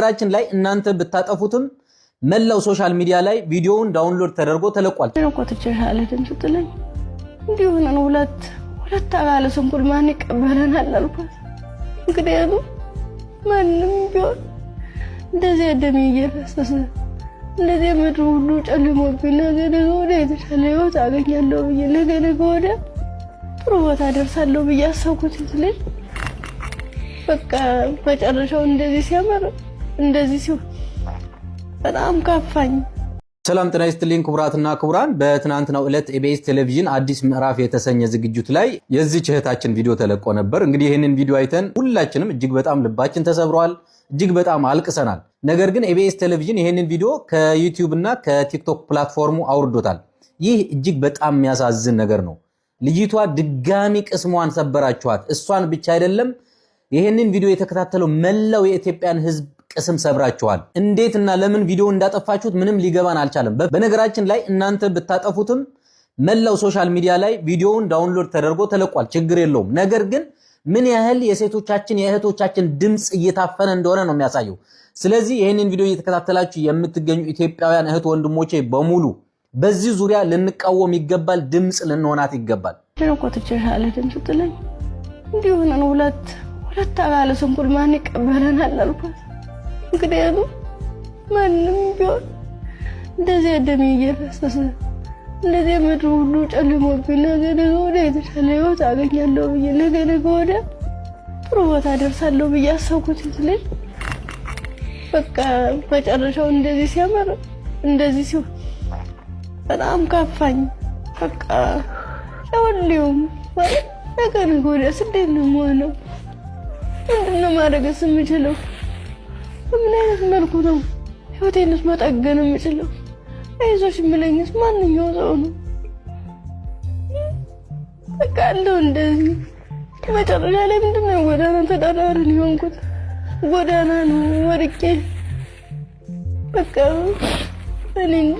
ሀገራችን ላይ እናንተ ብታጠፉትም መላው ሶሻል ሚዲያ ላይ ቪዲዮውን ዳውንሎድ ተደርጎ ተለቋል። ቆትችሻለ ስትለኝ እንዲሆነን ሁለት ሁለት አካለ ስንኩል ማን ይቀበለናል አልኳት። ማንም ቢሆን እንደዚያ ደሜ እየፈሰሰ ምድር ሁሉ ጨልሞብኝ ነገ ነገ ወዲያ የተሻለ ህይወት አገኛለሁ ብዬ ነገ ነገ ወዲያ ጥሩ ቦታ ደርሳለሁ ብዬ አሰብኩት በቃ መጨረሻው እንደዚህ ሲያመር እንደዚህ ሲሆን በጣም ከፋኝ። ሰላም ጤና ይስጥልኝ ክቡራትና ክቡራን። በትናንትናው ዕለት ኢቢኤስ ቴሌቪዥን አዲስ ምዕራፍ የተሰኘ ዝግጅት ላይ የዚች እህታችን ቪዲዮ ተለቆ ነበር። እንግዲህ ይህንን ቪዲዮ አይተን ሁላችንም እጅግ በጣም ልባችን ተሰብረዋል፣ እጅግ በጣም አልቅሰናል። ነገር ግን ኢቢኤስ ቴሌቪዥን ይህንን ቪዲዮ ከዩቲዩብ እና ከቲክቶክ ፕላትፎርሙ አውርዶታል። ይህ እጅግ በጣም የሚያሳዝን ነገር ነው። ልጅቷ ድጋሚ ቅስሟን ሰበራችኋት። እሷን ብቻ አይደለም፣ ይህንን ቪዲዮ የተከታተለው መላው የኢትዮጵያን ሕዝብ ቅስም ሰብራችኋል። እንዴት እና ለምን ቪዲዮ እንዳጠፋችሁት ምንም ሊገባን አልቻለም። በነገራችን ላይ እናንተ ብታጠፉትም መላው ሶሻል ሚዲያ ላይ ቪዲዮውን ዳውንሎድ ተደርጎ ተለቋል። ችግር የለውም። ነገር ግን ምን ያህል የሴቶቻችን የእህቶቻችን ድምፅ እየታፈነ እንደሆነ ነው የሚያሳየው። ስለዚህ ይህንን ቪዲዮ እየተከታተላችሁ የምትገኙ ኢትዮጵያውያን እህት ወንድሞቼ በሙሉ በዚህ ዙሪያ ልንቃወም ይገባል። ድምፅ ልንሆናት ይገባል። ትችላለህ ሁለት ሁለት ስንኩል ማን ይቀበለናል አልኳት። ምክንያቱም ማንም ቢሆን እንደዚህ ደሜ እየፈሰሰ እንደዚህ ምድር ሁሉ ጨልሞብኝ ነገ ነገ ወዲያ የተሻለ ህይወት አገኛለሁ ብዬ ነገ ነገ ወዲያ ጥሩ ቦታ ደርሳለሁ ብዬ አሰብኩት ልጅ በቃ መጨረሻው እንደዚህ ሲያምር እንደዚህ ሲሆን በጣም ካፋኝ። በቃ ለወሊውም ማለት ነገ ነገ ወዲያ ስደት ነው የምሆነው። ምንድን ነው ማድረግስ የምችለው? በምን አይነት መልኩ ነው ህይወቴንስ መጠገን የምችለው? አይዞሽ የምለኝስ ማንኛው ሰው ነው? በቃ አለው እንደዚህ መጨረሻ ላይ ምንድን ነው ጎዳና ተዳዳርን የሆንኩት? ጎዳና ነው ወርቄ በቃ እኔ እንጂ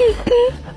Mm-hmm.